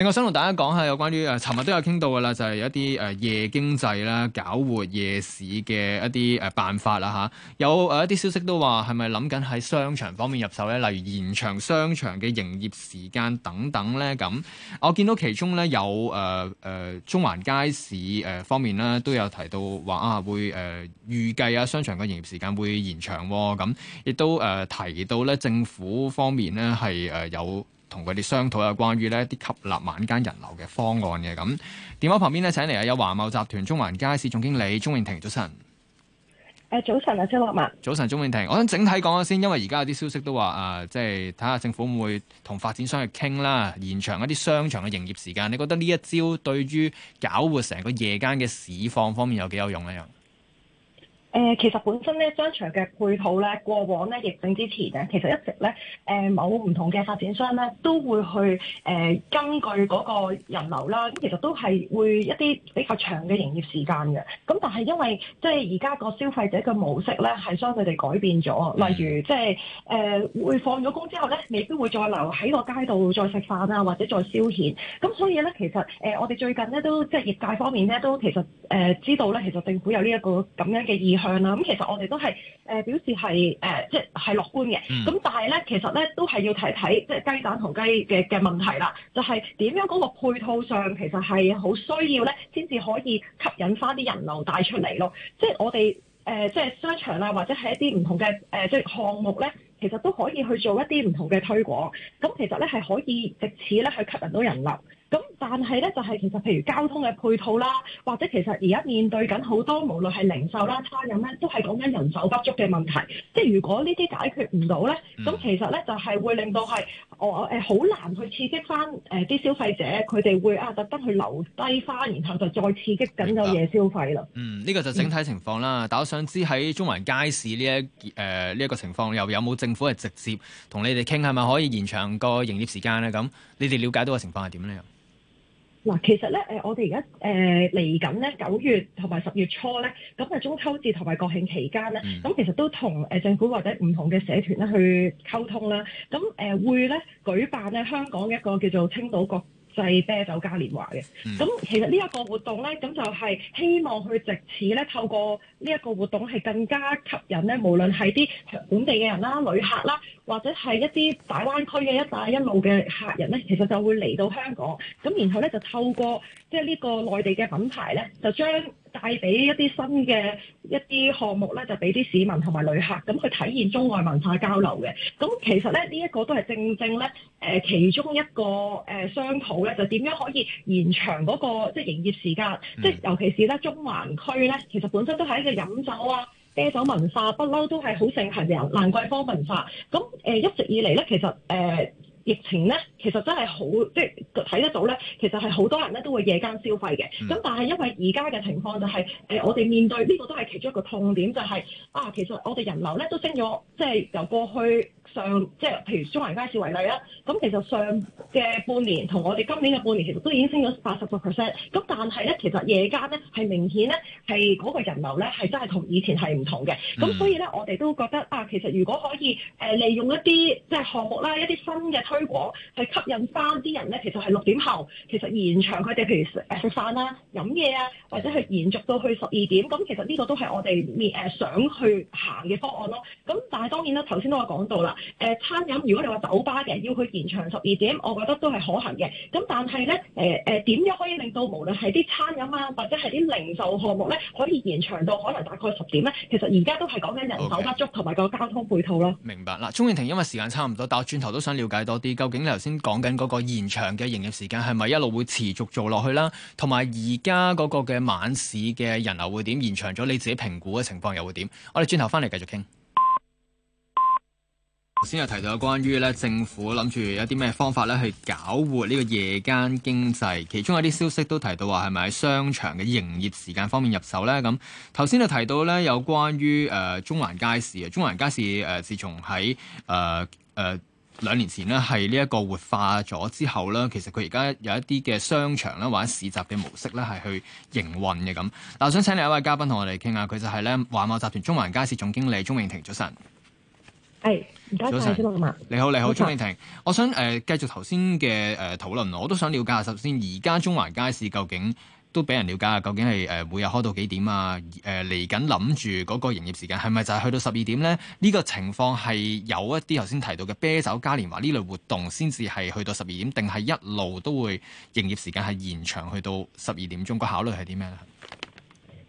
另我想同大家講下有關於誒，尋日都有傾到噶啦，就係、是、有一啲誒、呃、夜經濟啦，搞活夜市嘅一啲誒、呃、辦法啦吓。有誒一啲消息都話係咪諗緊喺商場方面入手咧？例如延長商場嘅營業時間等等咧。咁我見到其中咧有誒誒、呃呃、中環街市誒方面咧都有提到話啊，會誒預計啊商場嘅營業時間會延長。咁亦都誒、呃、提到咧政府方面咧係誒有。同佢哋商討啊，關於呢一啲吸納晚間人流嘅方案嘅。咁電話旁邊呢，請嚟啊有華懋集團中環街市總經理鍾詠婷，早晨。誒，早晨啊，周樂文。早晨，鍾詠婷。我想整體講下先，因為而家有啲消息都話啊，即係睇下政府會唔會同發展商去傾啦，延長一啲商場嘅營業時間。你覺得呢一招對於搞活成個夜間嘅市況方面有幾有用呢？又？誒、呃，其實本身咧商場嘅配套咧，過往咧疫症之前啊，其實一直咧誒、呃，某唔同嘅發展商咧都會去誒、呃、根據嗰個人流啦，咁其實都係會一啲比較長嘅營業時間嘅。咁但係因為即係而家個消費者嘅模式咧係將佢哋改變咗，例如即係誒、呃、會放咗工之後咧，未必會再留喺個街道再食飯啊，或者再消遣。咁所以咧，其實誒、呃、我哋最近咧都即係業界方面咧都其實誒、呃、知道咧，其實政府有呢、這、一個咁樣嘅意。啦，咁、嗯、其實我哋都係誒、呃、表示係誒、呃、即係樂觀嘅，咁、嗯、但係咧，其實咧都係要睇睇即係雞蛋同雞嘅嘅問題啦。就係、是、點樣嗰個配套上，其實係好需要咧，先至可以吸引翻啲人流帶出嚟咯。即係我哋誒、呃、即係商場啦，或者係一啲唔同嘅誒、呃、即係項目咧，其實都可以去做一啲唔同嘅推廣。咁其實咧係可以藉此咧去吸引到人流。咁但係咧，就係、是、其實譬如交通嘅配套啦，或者其實而家面對緊好多，無論係零售啦、餐飲咧，都係講緊人手不足嘅問題。即係如果呢啲解決唔到咧，咁、嗯、其實咧就係會令到係我誒好難去刺激翻誒啲消費者，佢哋會啊特登去留低翻，然後就再刺激緊個夜消費啦。嗯，呢、這個就整體情況啦。嗯、但我想知喺中環街市呢一誒呢一個情況，又有冇政府係直接同你哋傾，係咪可以延長個營業時間咧？咁你哋了解到嘅情況係點咧？嗱，其實咧，誒，我哋而家誒嚟緊咧九月同埋十月初咧，咁啊中秋節同埋國慶期間咧，咁、嗯、其實都同誒政府或者唔同嘅社團咧去溝通啦，咁、嗯、誒、呃、會咧舉辦咧香港一個叫做青島國製啤酒嘉年華嘅，咁、嗯、其實呢一個活動呢，咁就係希望去藉此呢，透過呢一個活動係更加吸引呢，無論係啲本地嘅人啦、旅客啦，或者係一啲大灣區嘅一帶一路嘅客人呢，其實就會嚟到香港，咁然後呢，就透過即係呢個內地嘅品牌呢，就將。帶俾一啲新嘅一啲項目咧，就俾啲市民同埋旅客咁去體驗中外文化交流嘅。咁其實咧，呢、這、一個都係正正咧，誒、呃、其中一個誒、呃、商討咧，就點樣可以延長嗰、那個即係營業時間，即係、嗯、尤其是咧中環區咧，其實本身都係一個飲酒啊、啤酒文化，不嬲都係好盛行嘅蘭桂坊文化。咁誒、呃、一直以嚟咧，其實誒。呃疫情咧，其實真係好，即係睇得到咧。其實係好多人咧都會夜間消費嘅。咁、嗯、但係因為而家嘅情況就係、係，誒、呃、我哋面對呢、呢個都係其中一個痛點，就係、係、啊，其實我哋人流咧都升咗，即係由過去。上即係譬如中環街市為例啦，咁其實上嘅半年同我哋今年嘅半年其實都已經升咗八十個 percent，咁但係咧其實夜間咧係明顯咧係嗰個人流咧係真係同以前係唔同嘅，咁、mm hmm. 所以咧我哋都覺得啊，其實如果可以誒利用一啲即係項目啦，一啲新嘅推廣去吸引返啲人咧，其實係六點後其實延長佢哋譬如誒食、呃、飯啦、啊、飲嘢啊，或者係延續到去十二點，咁、嗯、其實呢個都係我哋誒想去行嘅方案咯。咁但係當然啦，頭先都有講到啦。誒、呃、餐飲，如果你話酒吧嘅，要去延長十二點，我覺得都係可行嘅。咁但係咧，誒誒點樣可以令到無論係啲餐飲啊，或者係啲零售項目咧，可以延長到可能大概十點咧？其實而家都係講緊人手不足同埋個交通配套啦。Okay. 明白啦，鍾詠婷，因為時間差唔多，但我轉頭都想了解多啲，究竟你頭先講緊嗰個延長嘅營業時間係咪一路會持續做落去啦？同埋而家嗰個嘅晚市嘅人流會點？延長咗你自己評估嘅情況又會點？我哋轉頭翻嚟繼續傾。頭先又提到關於咧政府諗住有啲咩方法咧去搞活呢個夜間經濟，其中有啲消息都提到話係咪喺商場嘅營業時間方面入手咧？咁頭先就提到咧有關於誒、呃、中環街市啊，中環街市誒、呃、自從喺誒誒兩年前呢，係呢一個活化咗之後咧，其實佢而家有一啲嘅商場啦或者市集嘅模式咧係去營運嘅咁。嗱，我想請另一位嘉賓同我哋傾下，佢就係咧華懋集團中環街市總經理鍾詠婷，早晨。係，早晨你好，你好鍾詠婷，我想誒繼續頭先嘅誒討論，我都想了解下，首先而家中環街市究竟都俾人了解下，究竟係誒、呃、每日開到幾點啊？誒嚟緊諗住嗰個營業時間係咪就係去到十二點呢？呢個情況係有一啲頭先提到嘅啤酒嘉年華呢類活動先至係去到十二點，定係一路都會營業時間係延長去到十二點鐘？個考慮係啲咩咧？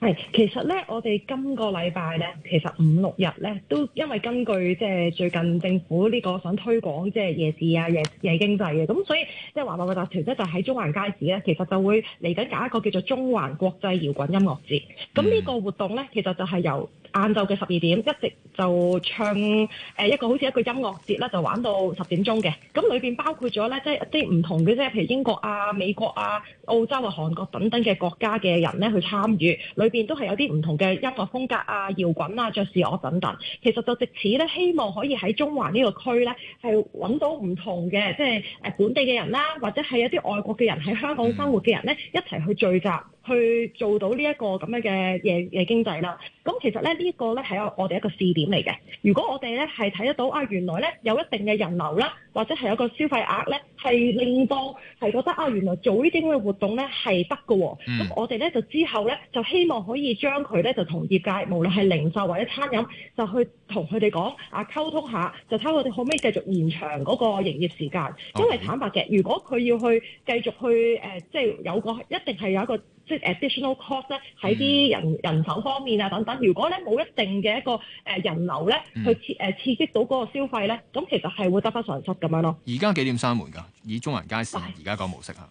係，其實咧，我哋今個禮拜咧，其實五六日咧，都因為根據即係最近政府呢個想推廣即係夜市啊、夜夜經濟嘅，咁所以即係華懋集團咧就喺、是、中環街市咧，其實就會嚟緊搞一個叫做中環國際搖滾音樂節。咁呢個活動咧，其實就係由晏晝嘅十二點，一直就唱誒一個好似一個音樂節咧，就玩到十點鐘嘅。咁裏邊包括咗咧，即係一啲唔同嘅，即係譬如英國啊、美國啊、澳洲啊、韓國等等嘅國家嘅人咧去參與。裏邊都係有啲唔同嘅音樂風格啊、搖滾啊、爵士樂等等。其實就藉此咧，希望可以喺中環個區呢個區咧，係揾到唔同嘅，即係誒本地嘅人啦，或者係一啲外國嘅人喺、嗯、香港生活嘅人咧，一齊去聚集。去做到呢一個咁樣嘅夜經濟啦。咁其實咧呢個咧係我我哋一個試點嚟嘅。如果我哋咧係睇得到啊，原來咧有一定嘅人流啦，或者係有一個消費額咧，係令到係覺得啊，原來做呢啲咁嘅活動咧係得㗎。咁、嗯、我哋咧就之後咧就希望可以將佢咧就同業界，無論係零售或者餐飲，就去同佢哋講啊溝通下，就睇我哋可唔可以繼續延長嗰個營業時間。Okay. 因為坦白嘅，如果佢要去繼續去誒、呃，即係有個一定係有一個。即係 additional cost 咧，喺啲人人手方面啊等等。如果咧冇一定嘅一個誒人流咧，去誒刺激到嗰個消費咧，咁、嗯、其實係會得不償失咁樣咯。而家幾點閂門㗎？以中環街市而家個模式啊？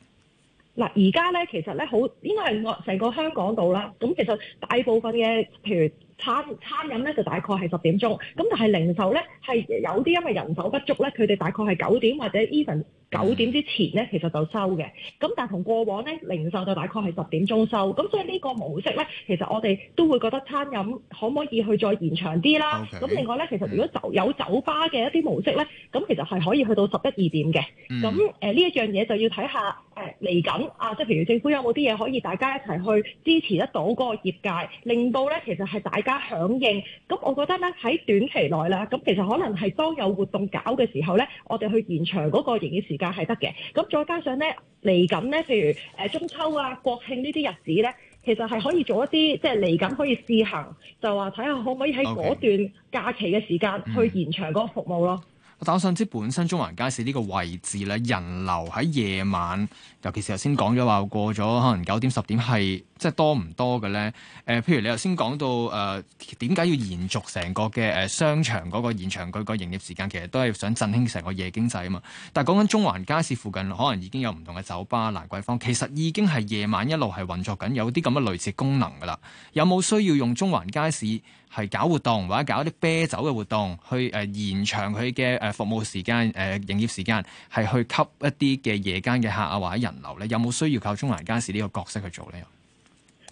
嗱，而家咧其實咧好，應該係我成個香港度啦，咁其實大部分嘅譬如餐餐飲咧就大概係十點鐘，咁但係零售咧係有啲因為人手不足咧，佢哋大概係九點或者 even。九點之前咧，其實就收嘅。咁但係同過往咧，零售就大概係十點鐘收。咁所以呢個模式咧，其實我哋都會覺得餐飲可唔可以去再延長啲啦？咁 Okay, 另外咧，其實如果就有酒吧嘅一啲模式咧，咁其實係可以去到十一二點嘅。咁誒呢一樣嘢就要睇下誒嚟緊啊，即係譬如政府有冇啲嘢可以大家一齊去支持得到嗰個業界，令到咧其實係大家響應。咁我覺得咧喺短期內啦，咁其實可能係當有活動搞嘅時候咧，我哋去延長嗰個營業時。價係得嘅，咁再加上咧，嚟緊咧，譬如誒中秋啊、國慶呢啲日子咧，其實係可以做一啲即係嚟緊可以試行，就話睇下可唔可以喺嗰段假期嘅時間去延長嗰個服務咯。我打算知本身中環街市呢個位置咧，人流喺夜晚，尤其是頭先講咗話過咗可能九點十點係即係多唔多嘅咧？誒、呃，譬如你頭先講到誒點解要延續成個嘅誒、呃、商場嗰、那個現場嗰個營業時間，其實都係想振興成個夜經濟啊嘛。但係講緊中環街市附近可能已經有唔同嘅酒吧、蘭桂坊，其實已經係夜晚一路係運作緊，有啲咁嘅類似功能㗎啦。有冇需要用中環街市？係搞活動，或者搞啲啤酒嘅活動，去誒、呃、延長佢嘅誒服務時間、誒、呃、營業時間，係去吸一啲嘅夜間嘅客啊，或者人流咧，有冇需要靠中環街市呢個角色去做呢？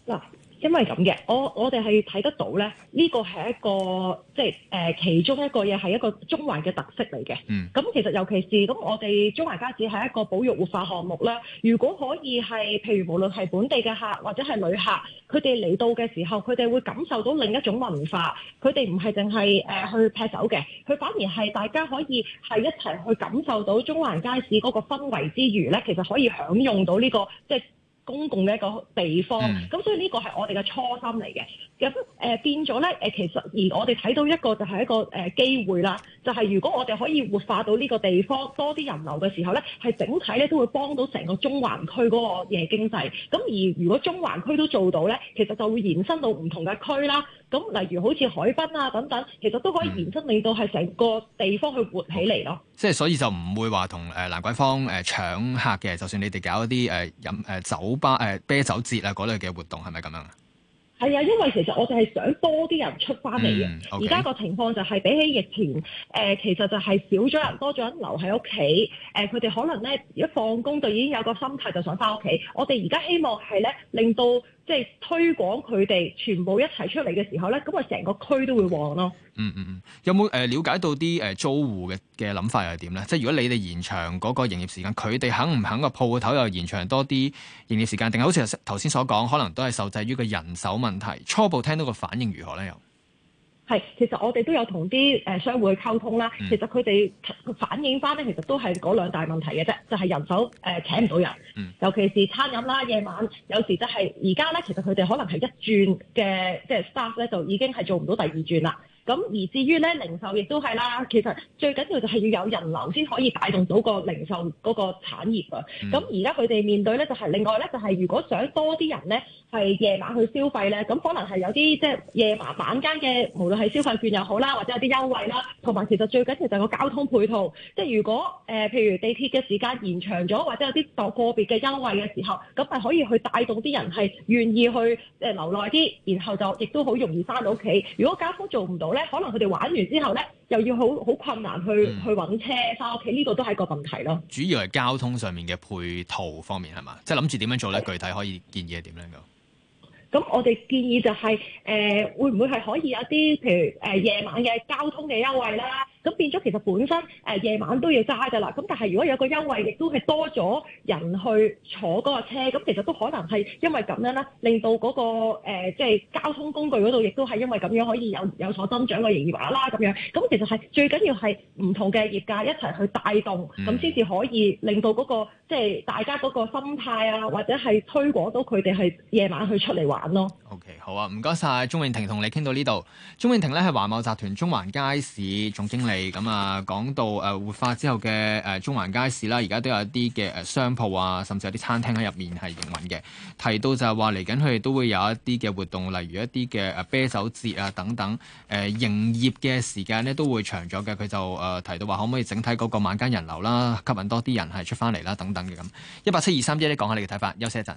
嗱。啊因為咁嘅，我我哋係睇得到咧，呢、這個係一個即係誒、呃、其中一個嘢係一個中環嘅特色嚟嘅。咁、嗯、其實尤其是咁，我哋中環街市係一個保育活化項目啦。如果可以係，譬如無論係本地嘅客或者係旅客，佢哋嚟到嘅時候，佢哋會感受到另一種文化。佢哋唔係淨係誒去劈手嘅，佢反而係大家可以係一齊去感受到中環街市嗰個氛圍之餘咧，其實可以享用到呢、這個即係。公共嘅一個地方，咁所以呢個係我哋嘅初心嚟嘅。誒、呃、變咗咧，誒其實而我哋睇到一個就係一個誒、呃、機會啦，就係、是、如果我哋可以活化到呢個地方多啲人流嘅時候咧，係整體咧都會幫到成個中環區嗰個夜經濟。咁、呃、而如果中環區都做到咧，其實就會延伸到唔同嘅區啦。咁、呃、例如好似海濱啊等等，其實都可以延伸你到係成個地方去活起嚟咯、嗯嗯。即係所以就唔會話同誒蘭桂坊誒搶客嘅，就算你哋搞一啲誒、呃、飲誒、呃、酒吧誒、呃、啤酒節啊嗰類嘅活動，係咪咁樣啊？係啊，因為其實我哋係想多啲人出翻嚟嘅。而家個情況就係比起疫情，誒、呃、其實就係少咗人，多咗人留喺屋企。誒佢哋可能咧一放工就已經有個心態就想翻屋企。我哋而家希望係咧令到。即係推廣佢哋全部一齊出嚟嘅時候咧，咁啊成個區都會旺咯。嗯嗯嗯，有冇誒瞭解到啲誒租戶嘅嘅諗法又係點咧？即係如果你哋延長嗰個營業時間，佢哋肯唔肯個鋪頭又延長多啲營業時間？定係好似頭先所講，可能都係受制於個人手問題。初步聽到個反應如何咧？又？係，其實我哋都有同啲誒商戶去溝通啦。嗯、其實佢哋反映翻咧，其實都係嗰兩大問題嘅啫，就係、是、人手誒、呃、請唔到人，嗯、尤其是餐飲啦，夜晚有時就係而家咧，其實佢哋可能係一轉嘅即係 staff 咧，就已經係做唔到第二轉啦。咁而至於咧，零售亦都係啦。其實最緊要就係要有人流先可以帶動到個零售嗰個產業啊。咁而家佢哋面對咧就係、是、另外咧就係，如果想多啲人咧係夜晚去消費咧，咁可能係有啲即係夜麻晚間嘅，無論係消費券又好啦，或者有啲優惠啦，同埋其實最緊要就係個交通配套。即係如果誒、呃、譬如地鐵嘅時間延長咗，或者有啲個別嘅優惠嘅時候，咁係可以去帶動啲人係願意去誒留耐啲，然後就亦都好容易翻到屋企。如果交通做唔到咧～咧可能佢哋玩完之後咧，又要好好困難去去揾車翻屋企，呢個都係個問題咯。主要係交通上面嘅配套方面係嘛，即係諗住點樣做咧？具體可以建議係點樣咧？咁，我哋建議就係誒，會唔會係可以有啲譬如誒夜晚嘅交通嘅優惠啦？咁變咗，其實本身誒夜晚都要揸嘅啦。咁但係如果有個優惠，亦都係多咗人去坐嗰個車。咁其實都可能係因為咁樣啦，令到嗰、那個即係、呃就是、交通工具嗰度，亦都係因為咁樣可以有有所增長嘅營業額啦。咁樣咁其實係最緊要係唔同嘅業界一齊去帶動，咁先至可以令到嗰、那個即係大家嗰個心態啊，或者係推廣到佢哋係夜晚去出嚟玩咯。OK，好啊，唔該晒。鍾詠婷同你傾到呢度。鍾詠婷咧係華懋集團中環街市總經理。咁啊，講到誒活化之後嘅誒中環街市啦，而家都有一啲嘅誒商鋪啊，甚至有啲餐廳喺入面係營運嘅。提到就係話嚟緊佢哋都會有一啲嘅活動，例如一啲嘅誒啤酒節啊等等。誒、呃、營業嘅時間呢都會長咗嘅。佢就誒提到話，可唔可以整體嗰個晚間人流啦，吸引多啲人係出翻嚟啦等等嘅咁。一八七二三一，呢講下你嘅睇法，休息一陣。